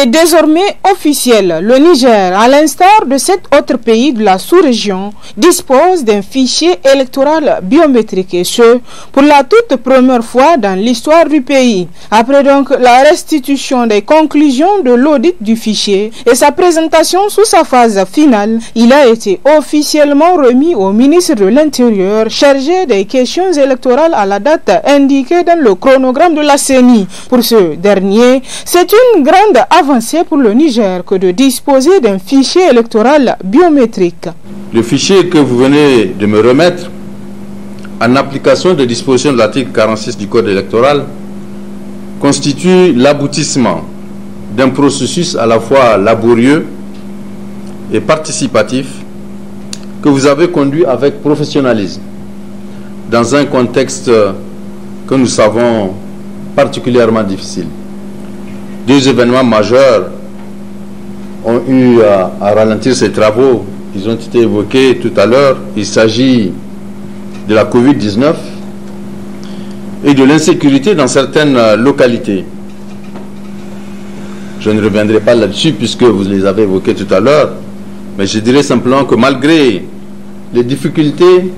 est désormais officiel. Le Niger, à l'instar de sept autres pays de la sous-région, dispose d'un fichier électoral biométrique et ce, pour la toute première fois dans l'histoire du pays. Après donc la restitution des conclusions de l'audit du fichier et sa présentation sous sa phase finale, il a été officiellement remis au ministre de l'Intérieur chargé des questions électorales à la date indiquée dans le chronogramme de la CENI. Pour ce dernier, c'est une grande avancée pour le Niger que de disposer d'un fichier électoral biométrique. Le fichier que vous venez de me remettre, en application des dispositions de l'article 46 du Code électoral, constitue l'aboutissement d'un processus à la fois laborieux et participatif que vous avez conduit avec professionnalisme dans un contexte que nous savons particulièrement difficile deux événements majeurs ont eu à, ralentir ces travaux. Ils ont été évoqués tout à l'heure. Il s'agit de la COVID-19 et de l'insécurité dans certaines euh, localités. Je ne reviendrai pas là-dessus puisque vous les avez évoqués tout à l'heure, mais je dirais simplement que malgré les difficultés,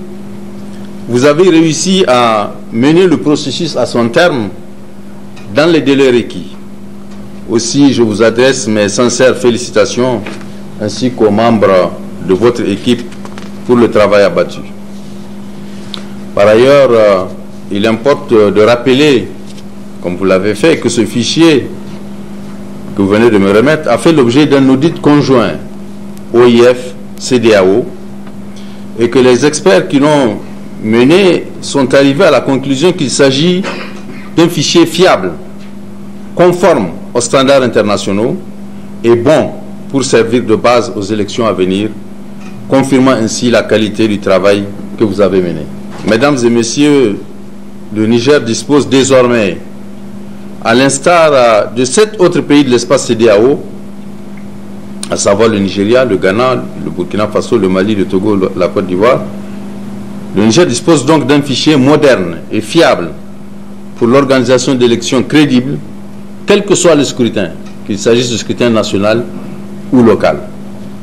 vous avez réussi à mener le processus à son terme dans les délais requis. Aussi, je vous adresse mes sincères félicitations ainsi qu'aux membres de votre équipe pour le travail abattu. Par ailleurs, euh, il importe de rappeler, comme vous l'avez fait, que ce fichier que vous venez de me remettre a fait l'objet d'un audit conjoint OIF-CDAO et que les experts qui l'ont mené sont arrivés à la conclusion qu'il s'agit d'un fichier fiable conforme aux standards internationaux et bon pour servir de base aux élections à venir, confirmant ainsi la qualité du travail que vous avez mené. Mesdames et messieurs, le Niger dispose désormais, à l'instar euh, de sept autres pays de l'espace CDAO, à savoir le Nigeria, le Ghana, le Burkina Faso, le Mali, le Togo, la Côte d'Ivoire, le Niger dispose donc d'un fichier moderne et fiable pour l'organisation d'élections crédibles quel que soit le scrutin, qu'il s'agisse du scrutin national ou local.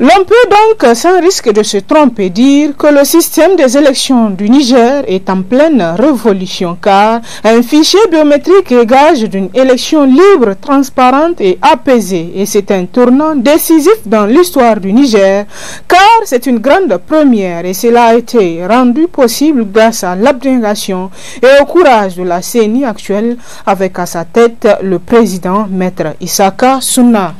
L'on peut donc, sans risque de se tromper, dire que le système des élections du Niger est en pleine révolution car un fichier biométrique est gage d'une élection libre, transparente et apaisée et c'est un tournant décisif dans l'histoire du Niger car c'est une grande première et cela a été rendu possible grâce à l'abnégation et au courage de la CENI actuelle avec à sa tête le président maître Isaka Souna.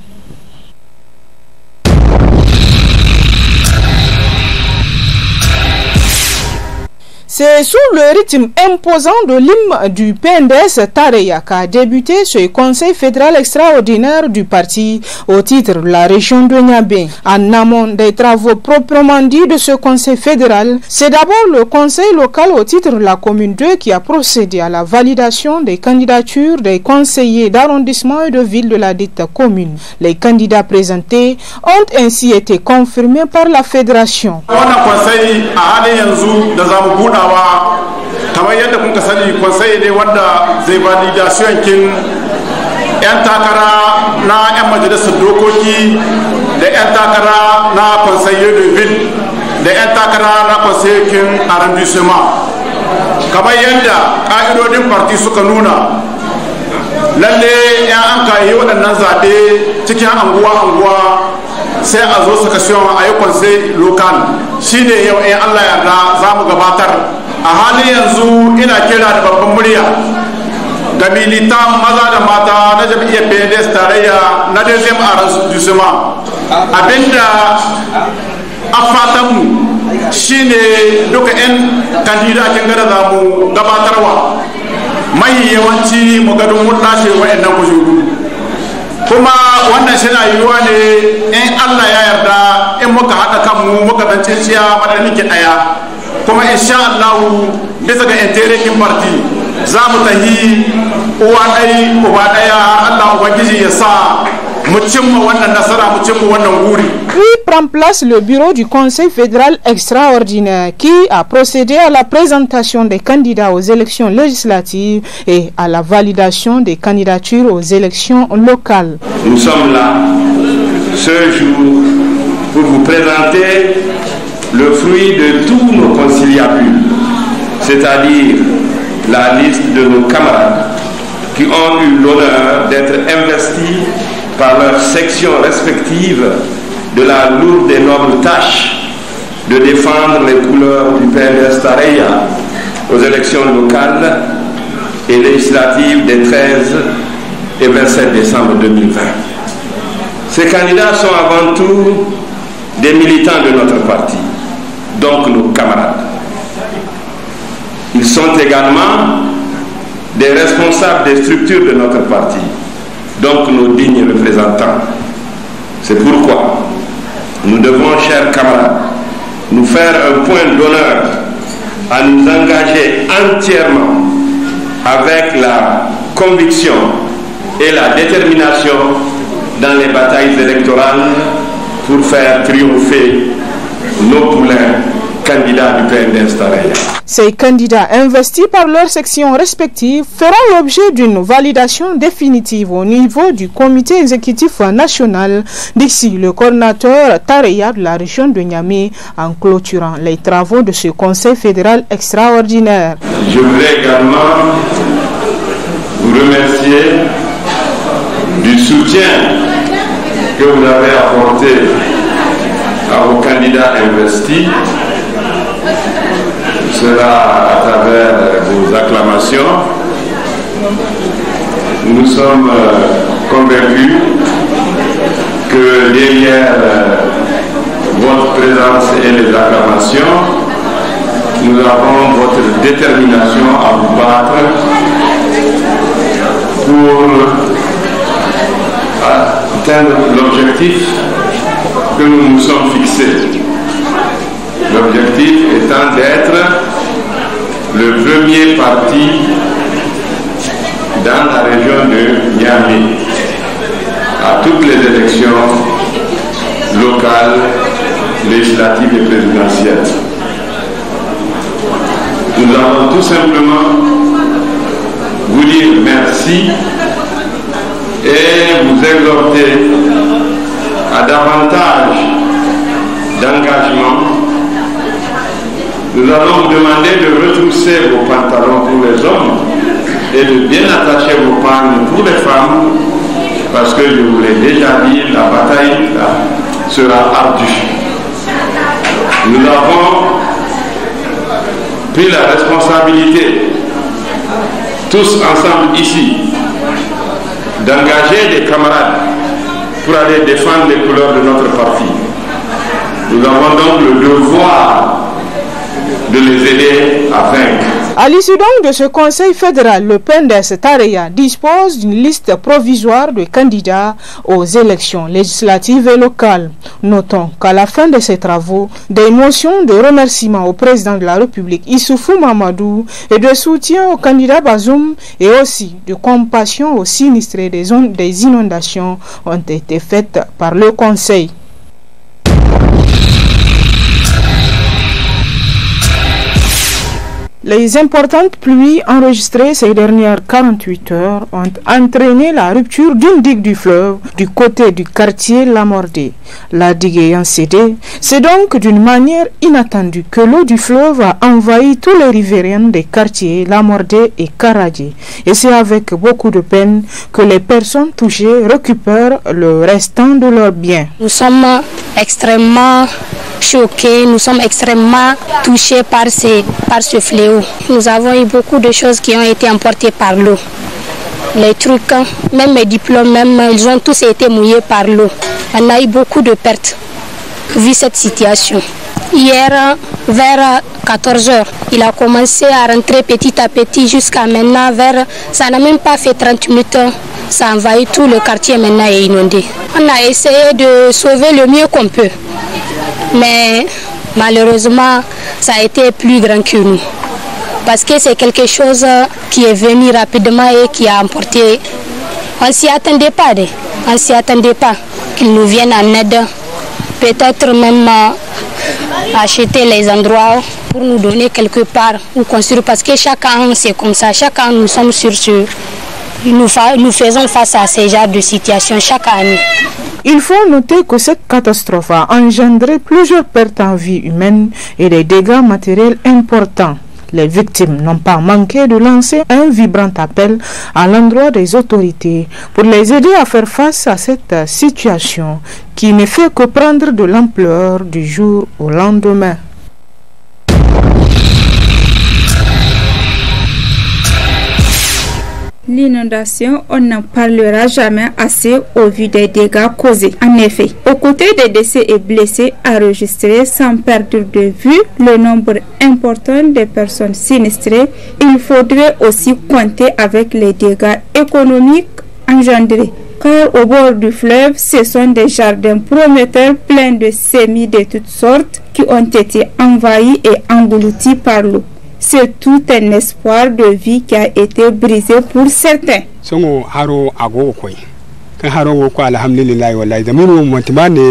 C'est sous le rythme imposant de l'hymne du PNDS Tareya qu'a débuté ce conseil fédéral extraordinaire du parti au titre de la région de Niabé. En amont des travaux proprement dits de ce conseil fédéral, c'est d'abord le conseil local au titre de la commune 2 qui a procédé à la validation des candidatures des conseillers d'arrondissement et de ville de la dite commune. Les candidats présentés ont ainsi été confirmés par la fédération. On farawa kamar yadda kun ka sani kwansai ne wanda zai su kin 'yan takara na 'yan majalisar dokoki da 'yan takara na kwansai ville da 'yan takara na kwansai kin arrondissement kamar yadda ƙa'idodin parti suka nuna lalle 'yan an kayi waɗannan zaɓe cikin anguwa-anguwa sai a zo siyo a yi kwanse lokal shine yau in eh, allah yarda za mu gabatar a halin yanzu ina kira da babban murya ga militan maza da mata na jam'iyyar pnds tarayya na dezem a dusuma abinda a fatanmu shine duka 'yan kandida kin gada za mu gabatarwa mai yawanci mu gadon mun ɗashe wa'annan kujeru kuma wannan na yiwuwa ne in allah ya yarda in muka haɗa kan mu muka dan cinciya madalminki ɗaya kuma insha allahu bisa ga interior party za mu tahi uwa ɗai uba ɗaya allah ubangiji ya sa mu cimma wannan nasara mu cimma wannan guri place le bureau du Conseil fédéral extraordinaire qui a procédé à la présentation des candidats aux élections législatives et à la validation des candidatures aux élections locales. Nous sommes là ce jour pour vous présenter le fruit de tous nos conciliabules, c'est-à-dire la liste de nos camarades qui ont eu l'honneur d'être investis par leurs sections respectives de la lourde et noble tâche de défendre les couleurs du Père Tareya aux élections locales et législatives des 13 et 27 décembre 2020. Ces candidats sont avant tout des militants de notre parti, donc nos camarades. Ils sont également des responsables des structures de notre parti, donc nos dignes représentants. C'est pourquoi nous devons, chers camarades, nous faire un point d'honneur à nous engager entièrement avec la conviction et la détermination dans les batailles électorales pour faire triompher nos poulains candidats du PNDS Ces candidats investis par leurs sections respectives feront l'objet d'une validation définitive au niveau du comité exécutif national d'ici le coordinateur Tareya de la région de Niamey en clôturant les travaux de ce conseil fédéral extraordinaire. Je voudrais également vous remercier du soutien que vous avez apporté à vos candidats investis cela à travers vos acclamations. Nous sommes euh, convaincus que derrière euh, votre présence et les acclamations, nous avons votre détermination à vous battre pour atteindre l'objectif que nous nous sommes fixés. L'objectif étant d'être le premier parti dans la région de Miami à toutes les élections locales, législatives et présidentielles. Nous allons tout simplement vous dire merci et vous exhorter à davantage d'engagement nous allons demander de retrousser vos pantalons pour les hommes et de bien attacher vos pannes pour les femmes, parce que je vous l'ai déjà dit, la bataille sera ardue. Nous avons pris la responsabilité, tous ensemble ici, d'engager des camarades pour aller défendre les couleurs de notre parti. Nous avons donc le devoir de les aider à À l'issue donc de ce Conseil fédéral, le PNDS Tareya dispose d'une liste provisoire de candidats aux élections législatives et locales. Notons qu'à la fin de ces travaux, des motions de remerciement au président de la République, Issoufou Mamadou, et de soutien au candidat Bazoum et aussi de compassion aux sinistrés des des inondations ont été faites par le Conseil. Les importantes pluies enregistrées ces dernières 48 heures ont entraîné la rupture d'une digue du fleuve du côté du quartier Lamordé. La digue ayant cédé, c'est donc d'une manière inattendue que l'eau du fleuve a envahi tous les riverains des quartiers Lamordé et Karadji. Et c'est avec beaucoup de peine que les personnes touchées récupèrent le restant de leurs biens. Nous sommes extrêmement choqués, nous sommes extrêmement touchés par, ces, par ce fléau. Nous avons eu beaucoup de choses qui ont été emportées par l'eau. Les trucs, hein, même mes diplômes, même, ils ont tous été mouillés par l'eau. On a eu beaucoup de pertes vu cette situation. Hier, vers 14h, il a commencé à rentrer petit à petit jusqu'à maintenant, vers, ça n'a même pas fait 30 minutes hein, ça envahit tout le quartier maintenant est inondé. On a essayé de sauver le mieux qu'on peut mais malheureusement, ça a été plus grand que nous. Parce que c'est quelque chose qui est venu rapidement et qui a emporté. On s'y attendait pas, on s'y attendait pas qu'ils nous viennent en aide. Peut-être même euh, acheter les endroits pour nous donner quelque part ou construire. Parce que chacun, c'est comme ça, chacun, nous sommes sur ce nous, faisons face à ces genres de situations chaque année. Il faut noter que cette catastrophe a engendré plusieurs pertes en vie humaine et des dégâts matériels importants. Les victimes n'ont pas manqué de lancer un vibrant appel à l'endroit des autorités pour les aider à faire face à cette situation qui ne fait que prendre de l'ampleur du jour au lendemain. L'inondation, on n'en parlera jamais assez au vu des dégâts causés. En effet, aux côtés des décès et blessés enregistrés sans perdre de vue le nombre important de personnes sinistrées, il faudrait aussi compter avec les dégâts économiques engendrés car au bord du fleuve, ce sont des jardins prometteurs pleins de semis de toutes sortes qui ont été envahis et engloutis par l'eau. c'est tout un espoir de vie qui a été brisé pour certains. Songo haro agogo koi. ka haro go ko alhamdulillah wallahi da mun mutuma ne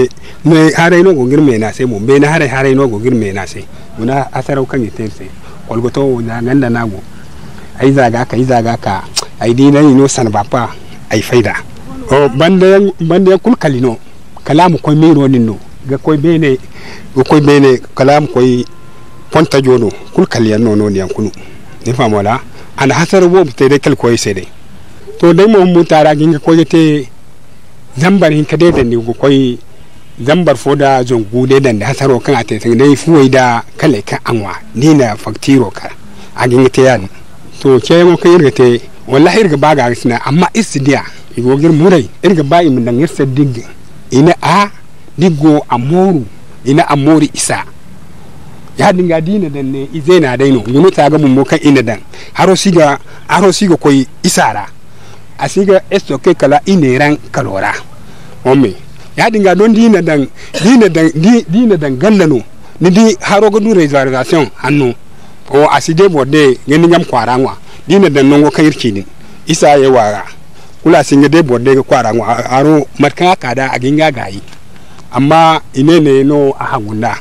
mai hare no go girme na sai mun na hare hare no go girme na sai muna asarau kan ite sai kolgoto na ganda na go ai zaga ka ai zaga ka ai dina ni no san bapa ai faida o banda banda kulkalino kalamu ko mero ninno ga koi bene ko koi bene kalamu koi ponta jono kul kaliyan no non yankunu ni mola an hasar wo te de kel koy sede to dai mo mu tara ginga koy te zambar hin kade da ni ko koy zambar fo da jon gude dan da hasaro kan ate tin dai wai da kale ka anwa ni na faktiro ka a ginga te yan to ce mo kai irga te wallahi irga baga sina amma isdiya igo gir murai irga ba imin nan yirsa digge ina a diggo amoru ina amori isa ya dinga dina dan ne ize na dai no gunu ta ga mun mo kan ina dan haro siga haro siga koi isara a siga esto ke kala ineran kalora omme ya dinga don dina dan dina dan dina dan gallano ni di haro ga dure reservation hannu o aside bode ngeni ngam kwara ngwa dina dan nongo kayirki ni isa ya wara kula singa de bode ga kwara ngwa aro markan kada a ginga gayi amma ine ne no a hangunda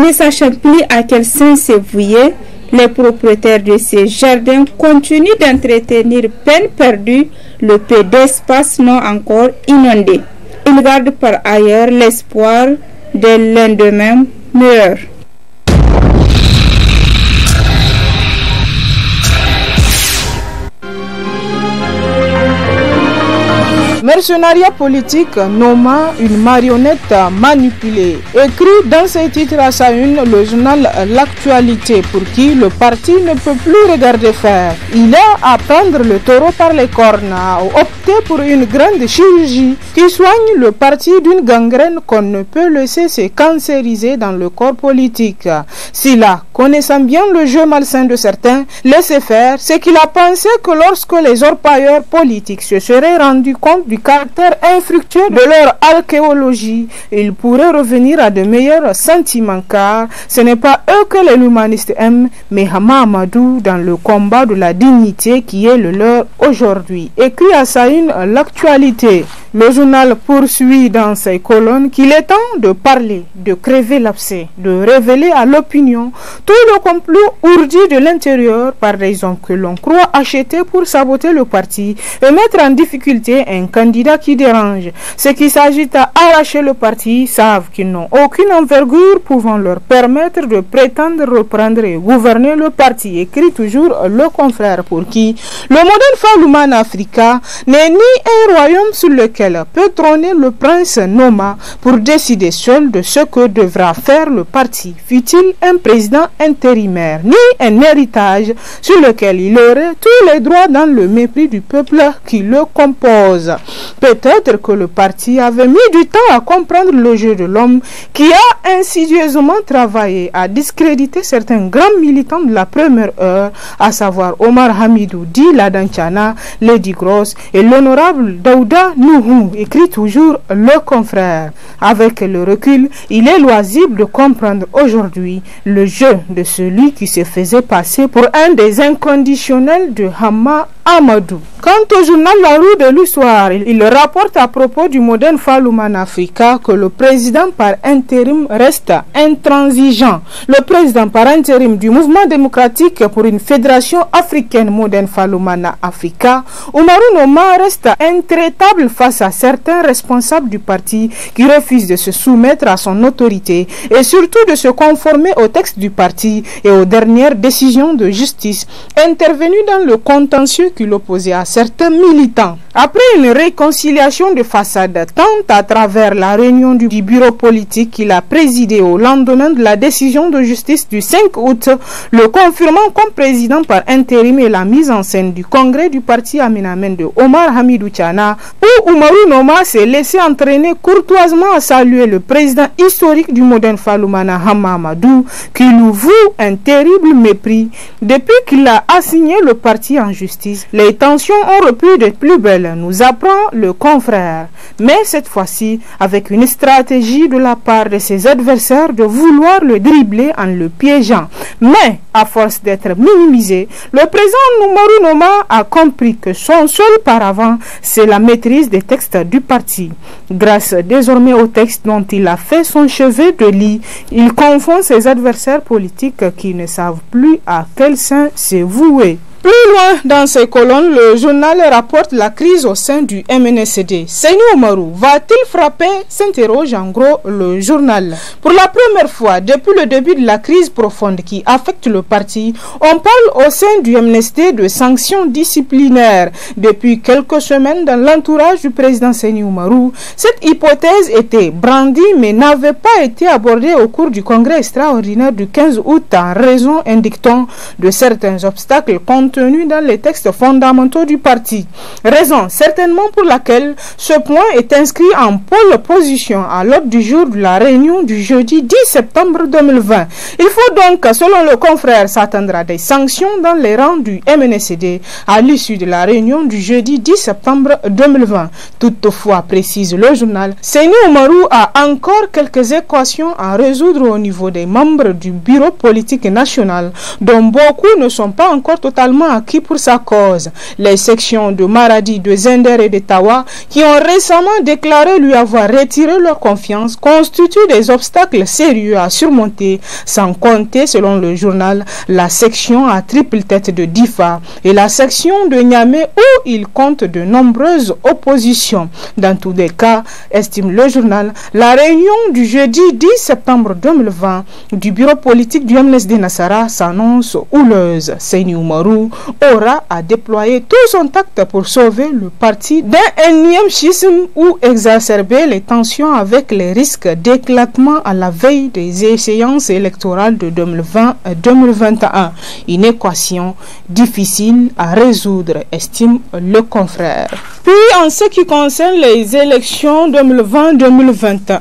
Ne sachant plus à quel sens se les propriétaires de ces jardins continuent d'entretenir peine perdue le peu d'espace non encore inondé. Ils gardent par ailleurs l'espoir de lendemain meilleur. Mercenariat politique nommant une marionnette manipulée. Écrit dans ses titres à sa une le journal L'actualité pour qui le parti ne peut plus regarder faire. Il a à prendre le taureau par les cornes, opter pour une grande chirurgie qui soigne le parti d'une gangrène qu'on ne peut laisser se cancériser dans le corps politique. S'il a, connaissant bien le jeu malsain de certains, laissé faire, c'est qu'il a pensé que lorsque les orpailleurs politiques se seraient rendus compte du caractère infructueux de leur archéologie, ils pourraient revenir à de meilleurs sentiments car ce n'est pas eux que les humanistes aiment, mais Hama dans le combat de la dignité qui est le leur aujourd'hui. Écrit à Saïn l'actualité. Le journal poursuit dans ses colonnes qu'il est temps de parler, de crever l'abcès, de révéler à l'opinion tout le complot ourdi de l'intérieur par des que l'on croit acheter pour saboter le parti et mettre en difficulté un candidat qui dérange. Ceux qui s'agitent à arracher le parti savent qu'ils n'ont aucune envergure pouvant leur permettre de prétendre reprendre et gouverner le parti, écrit toujours le confrère pour qui le modèle Falouman Africa n'est ni un royaume sur lequel qu'elle peut trôner le prince Noma pour décider seul de ce que devra faire le parti, fut-il un président intérimaire, ni un héritage sur lequel il aurait tous les droits dans le mépris du peuple qui le compose. Peut-être que le parti avait mis du temps à comprendre le jeu de l'homme qui a insidieusement travaillé à discréditer certains grands militants de la première heure, à savoir Omar Hamidou, Di Ladanchana, Lady Gross et l'honorable Daouda Nuhu écrit toujours le confrère. Avec le recul, il est loisible de comprendre aujourd'hui le jeu de celui qui se faisait passer pour un des inconditionnels de Hamma. Quant au journal La Rue de l'Histoire, il rapporte à propos du modèle Falouman Africa que le président par intérim reste intransigeant. Le président par intérim du mouvement démocratique pour une fédération africaine moderne Faloumana Africa, Omarou Noma reste intraitable face à certains responsables du parti qui refusent de se soumettre à son autorité et surtout de se conformer au texte du parti et aux dernières décisions de justice intervenues dans le contentieux qui opposé à certains militants. Après une réconciliation de façade, tant à travers la réunion du bureau politique qu'il a présidé au lendemain de la décision de justice du 5 août, le confirmant comme président par intérim et la mise en scène du congrès du parti Aminamen de Omar Hamidou Tchana, où Oumarou Noma s'est laissé entraîner courtoisement à saluer le président historique du Modern Faloumana Hamamadou, qui nous voue un terrible mépris depuis qu'il a assigné le parti en justice. Les tensions ont repris de plus belle nous apprend le confrère, mais cette fois-ci avec une stratégie de la part de ses adversaires de vouloir le dribbler en le piégeant. Mais, à force d'être minimisé, le présent Numaru a compris que son seul paravent, c'est la maîtrise des textes du parti. Grâce désormais au texte dont il a fait son chevet de lit, il confond ses adversaires politiques qui ne savent plus à quel sein se vouer. Plus loin dans ces colonnes, le journal rapporte la crise au sein du MNCD. Seigneur va-t-il frapper s'interroge en gros le journal. Pour la première fois depuis le début de la crise profonde qui affecte le parti, on parle au sein du MNSD de sanctions disciplinaires. Depuis quelques semaines, dans l'entourage du président Seigneur Omarou, cette hypothèse était brandie mais n'avait pas été abordée au cours du congrès extraordinaire du 15 août en raison, indiquant, de certains obstacles contre tenu dans les textes fondamentaux du parti. Raison certainement pour laquelle ce point est inscrit en pôle position à l'ordre du jour de la réunion du jeudi 10 septembre 2020. Il faut donc, selon le confrère, s'attendre à des sanctions dans les rangs du MNCD à l'issue de la réunion du jeudi 10 septembre 2020. Toutefois, précise le journal, Seigneur Oumarou a encore quelques équations à résoudre au niveau des membres du bureau politique national, dont beaucoup ne sont pas encore totalement acquis pour sa cause. Les sections de Maradi, de Zender et de Tawa, qui ont récemment déclaré lui avoir retiré leur confiance, constituent des obstacles sérieux à surmonter, sans compter, selon le journal, la section à triple tête de Difa et la section de Niamey où il compte de nombreuses oppositions. Dans tous les cas, estime le journal, la réunion du jeudi 10 septembre 2020 du bureau politique du MNSD Nassara s'annonce houleuse. Seigneur aura à déployer tout son tact pour sauver le parti d'un énième schisme ou exacerber les tensions avec les risques d'éclatement à la veille des échéances électorales de 2020-2021. Une équation difficile à résoudre, estime le confrère. Puis, en ce qui concerne les élections 2020-2021,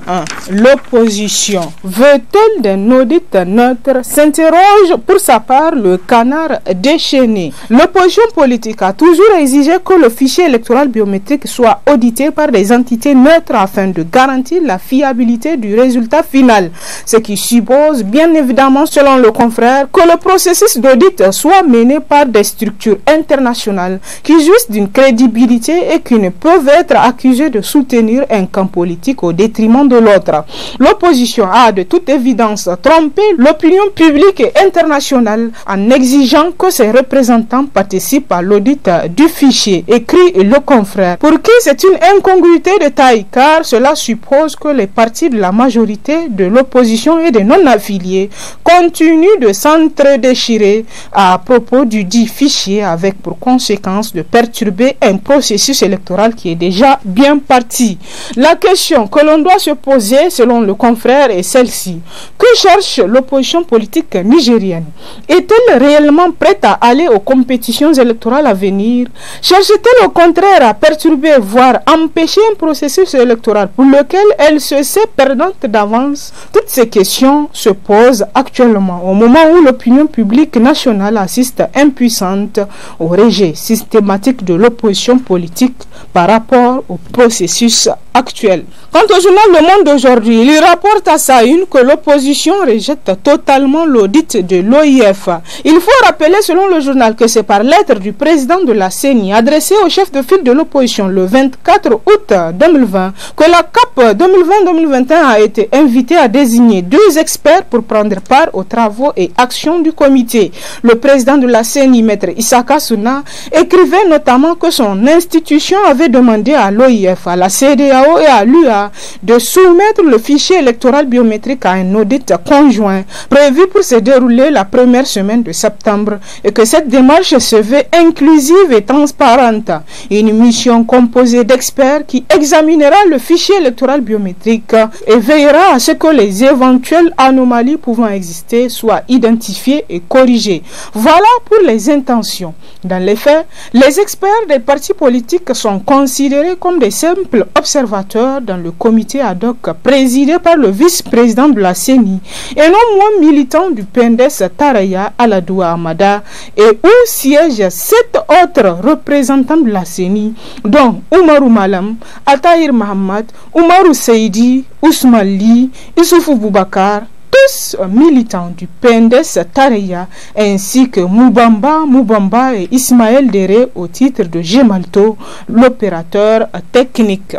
l'opposition veut-elle d'un audit neutre S'interroge pour sa part le canard déchaîné. L'opposition politique a toujours exigé que le fichier électoral biométrique soit audité par des entités neutres afin de garantir la fiabilité du résultat final. Ce qui suppose, bien évidemment, selon le confrère, que le processus d'audit soit mené par des structures internationales qui jouissent d'une crédibilité et qui ne peuvent être accusés de soutenir un camp politique au détriment de l'autre. L'opposition a de toute évidence trompé l'opinion publique et internationale en exigeant que ses représentants participent à l'audit du fichier, écrit le confrère, pour qui c'est une incongruité de taille car cela suppose que les partis de la majorité de l'opposition et des non-affiliés continuent de s'entre-déchirer à propos du dit fichier avec pour conséquence de perturber un processus électorale qui est déjà bien partie. La question que l'on doit se poser, selon le confrère, est celle-ci. Que cherche l'opposition politique nigérienne Est-elle réellement prête à aller aux compétitions électorales à venir Cherche-t-elle au contraire à perturber, voire empêcher un processus électoral pour lequel elle se sait perdante d'avance Toutes ces questions se posent actuellement, au moment où l'opinion publique nationale assiste impuissante au rejet systématique de l'opposition politique par rapport au processus Quant au journal Le Monde d'aujourd'hui, il rapporte à sa une que l'opposition rejette totalement l'audit de l'OIF. Il faut rappeler selon le journal que c'est par lettre du président de la CENI adressée au chef de file de l'opposition le 24 août 2020 que la CAP 2020-2021 a été invitée à désigner deux experts pour prendre part aux travaux et actions du comité. Le président de la CENI, maître Isaka Suna, écrivait notamment que son institution avait demandé à l'OIF, à la CDAO, et à l'UA hein, de soumettre le fichier électoral biométrique à un audit conjoint prévu pour se dérouler la première semaine de septembre et que cette démarche se veut inclusive et transparente. Une mission composée d'experts qui examinera le fichier électoral biométrique et veillera à ce que les éventuelles anomalies pouvant exister soient identifiées et corrigées. Voilà pour les intentions. Dans les faits, les experts des partis politiques sont considérés comme des simples observateurs dans le comité ad hoc présidé par le vice-président de la CENI et non moins militant du PNDES Taraya Aladoua Amada et où siègent sept autres représentants de la CENI dont Oumarou Malam, Atahir Mahamad, Oumarou Seidi, Li Isoufou Boubakar, tous militants du PNDES Taraya ainsi que Moubamba, Moubamba et Ismaël Deré au titre de Gemalto, l'opérateur technique.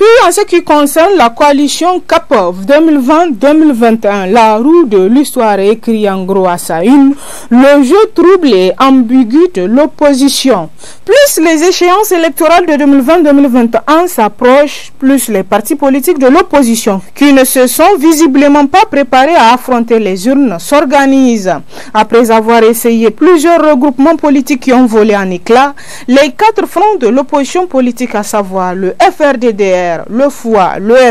Puis en ce qui concerne la coalition CAPOV 2020-2021, la roue de l'histoire écrit en gros à sa une, le jeu trouble et ambigu de l'opposition. Plus les échéances électorales de 2020-2021 s'approchent, plus les partis politiques de l'opposition, qui ne se sont visiblement pas préparés à affronter les urnes, s'organisent. Après avoir essayé plusieurs regroupements politiques qui ont volé en éclat, les quatre fronts de l'opposition politique, à savoir le FRDDR, le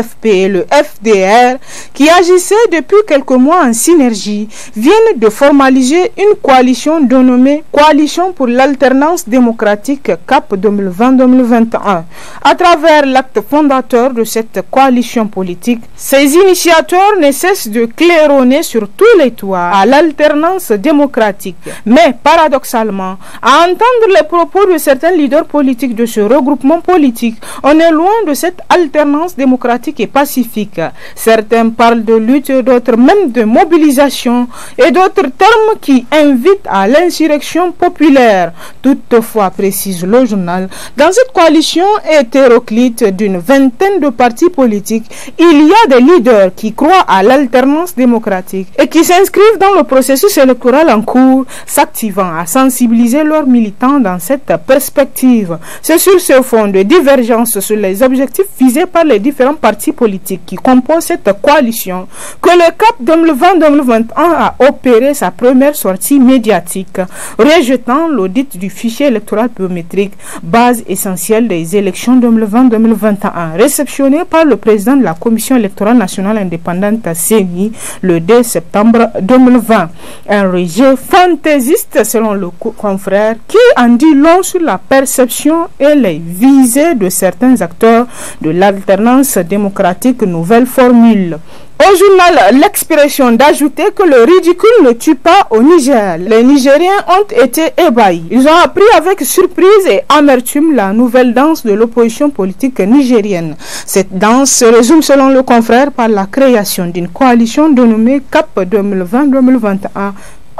fp l'EFP et le FDR, qui agissaient depuis quelques mois en synergie, viennent de formaliser une coalition dénommée Coalition pour l'alternance démocratique CAP 2020-2021. À travers l'acte fondateur de cette coalition politique, ces initiateurs ne cessent de claironner sur tous les toits à l'alternance démocratique. Mais paradoxalement, à entendre les propos de certains leaders politiques de ce regroupement politique, on est loin de cette alternance démocratique et pacifique. Certains parlent de lutte, d'autres même de mobilisation et d'autres termes qui invitent à l'insurrection populaire. Toutefois, précise le journal, dans cette coalition hétéroclite d'une vingtaine de partis politiques, il y a des leaders qui croient à l'alternance démocratique et qui s'inscrivent dans le processus électoral en cours, s'activant à sensibiliser leurs militants dans cette perspective. C'est sur ce fond de divergence sur les objectifs visé par les différents partis politiques qui composent cette coalition que le CAP 2020-2021 a opéré sa première sortie médiatique, rejetant l'audit du fichier électoral biométrique, base essentielle des élections 2020-2021, réceptionné par le président de la Commission électorale nationale indépendante à CENI le 2 septembre 2020. Un rejet fantaisiste selon le confrère qui en dit long sur la perception et les visées de certains acteurs de l'alternance démocratique nouvelle formule. Au journal, l'expression d'ajouter que le ridicule ne tue pas au Niger. Les Nigériens ont été ébahis. Ils ont appris avec surprise et amertume la nouvelle danse de l'opposition politique nigérienne. Cette danse se résume selon le confrère par la création d'une coalition dénommée CAP 2020-2021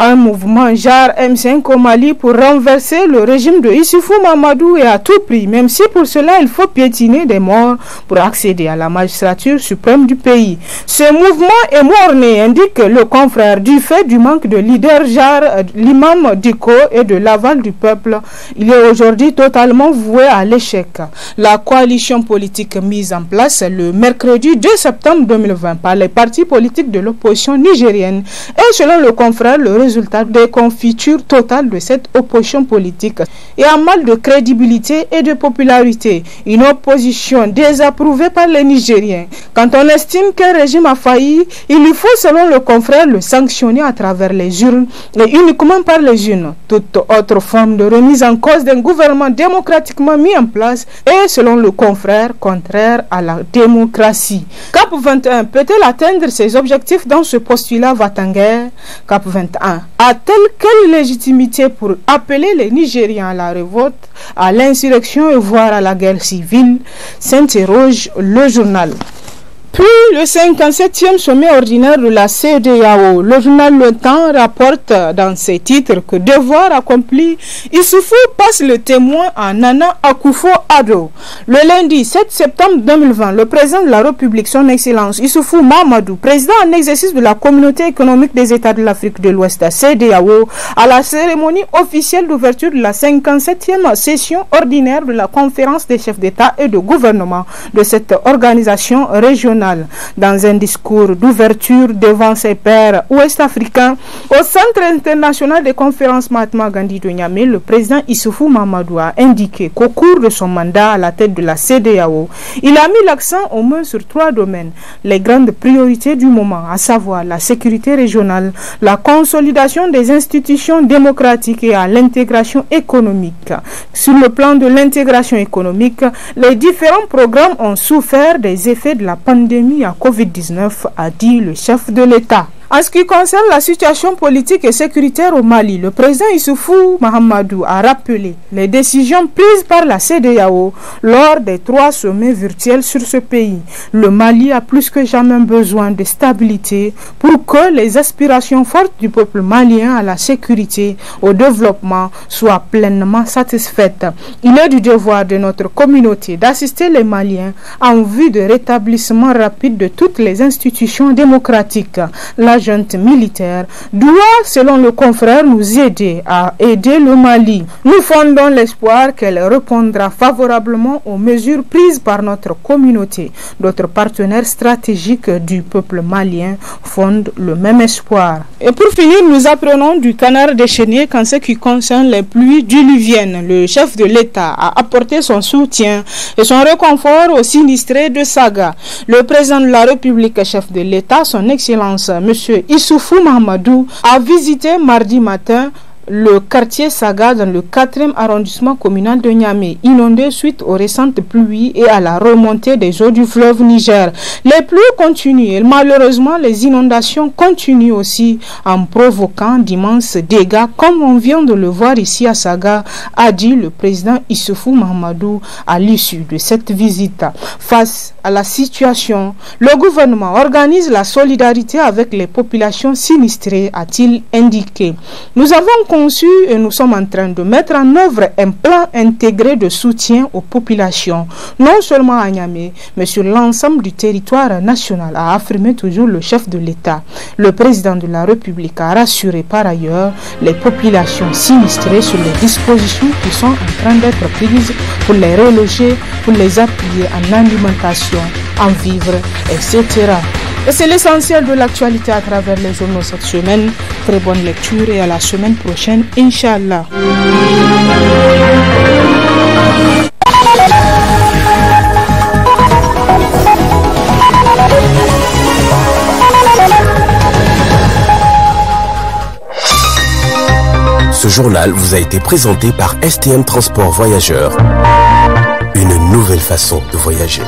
un mouvement JAR M5 au Mali pour renverser le régime de Issoufou Mamadou et à tout prix, même si pour cela il faut piétiner des morts pour accéder à la magistrature suprême du pays. Ce mouvement est morné, indique le confrère, du fait du manque de leader JAR, euh, l'imam Diko et de l'aval du peuple. Il est aujourd'hui totalement voué à l'échec. La coalition politique mise en place le mercredi 2 septembre 2020 par les partis politiques de l'opposition nigérienne et selon le confrère, le résultat des confitures totales de cette opposition politique et un mal de crédibilité et de popularité. Une opposition désapprouvée par les Nigériens. Quand on estime qu'un régime a failli, il lui faut, selon le confrère, le sanctionner à travers les urnes et uniquement par les urnes. Toute autre forme de remise en cause d'un gouvernement démocratiquement mis en place est, selon le confrère, contraire à la démocratie. CAP 21 peut-elle atteindre ses objectifs dans ce postulat Vatanguer CAP 21 a-t-elle quelle légitimité pour appeler les Nigériens à la révolte, à l'insurrection et voire à la guerre civile s'interroge le journal. Puis le 57e sommet ordinaire de la CEDEAO, le journal Le Temps rapporte dans ses titres que devoir accompli, Issoufou passe le témoin à Nana akufo Ado Le lundi 7 septembre 2020, le président de la République, son Excellence Issoufou Mamadou, président en exercice de la Communauté économique des États de l'Afrique de l'Ouest, CEDEAO, à la cérémonie officielle d'ouverture de la 57e session ordinaire de la conférence des chefs d'État et de gouvernement de cette organisation régionale dans un discours d'ouverture devant ses pairs ouest-africains au Centre international des conférences Mahatma Gandhi de le président Issoufou Mamadou a indiqué qu'au cours de son mandat à la tête de la CDAO, il a mis l'accent au moins sur trois domaines. Les grandes priorités du moment, à savoir la sécurité régionale, la consolidation des institutions démocratiques et à l'intégration économique. Sur le plan de l'intégration économique, les différents programmes ont souffert des effets de la pandémie pandémie à Covid-19, a dit le chef de l'État. En ce qui concerne la situation politique et sécuritaire au Mali, le président Issoufou Mahamadou a rappelé les décisions prises par la CDAO lors des trois sommets virtuels sur ce pays. Le Mali a plus que jamais besoin de stabilité pour que les aspirations fortes du peuple malien à la sécurité, au développement soient pleinement satisfaites. Il est du devoir de notre communauté d'assister les Maliens en vue de rétablissement rapide de toutes les institutions démocratiques. La militaire doit, selon le confrère, nous aider à aider le Mali. Nous fondons l'espoir qu'elle répondra favorablement aux mesures prises par notre communauté. D'autres partenaires stratégiques du peuple malien fondent le même espoir. Et pour finir, nous apprenons du canard déchaîné quand ce qui concerne les pluies diluviennes, le chef de l'État a apporté son soutien et son réconfort aux sinistrés de Saga. Le président de la République, chef de l'État, son Excellence, Monsieur Issoufou Mahamadou a visité mardi matin le quartier Saga dans le 4e arrondissement communal de Niamey, inondé suite aux récentes pluies et à la remontée des eaux du fleuve Niger. Les pluies continuent et malheureusement les inondations continuent aussi en provoquant d'immenses dégâts comme on vient de le voir ici à Saga, a dit le président Issoufou Mahamadou à l'issue de cette visite. Face à la situation, le gouvernement organise la solidarité avec les populations sinistrées, a-t-il indiqué. Nous avons conçu et nous sommes en train de mettre en œuvre un plan intégré de soutien aux populations, non seulement à Niamey, mais sur l'ensemble du territoire national, a affirmé toujours le chef de l'État. Le président de la République a rassuré par ailleurs les populations sinistrées sur les dispositions qui sont en train d'être prises pour les reloger, pour les appuyer en alimentation, en vivres, etc. Et c'est l'essentiel de l'actualité à travers les journaux cette semaine. Très bonne lecture et à la semaine prochaine, Inch'Allah. Ce journal vous a été présenté par STM Transport Voyageurs. Une nouvelle façon de voyager.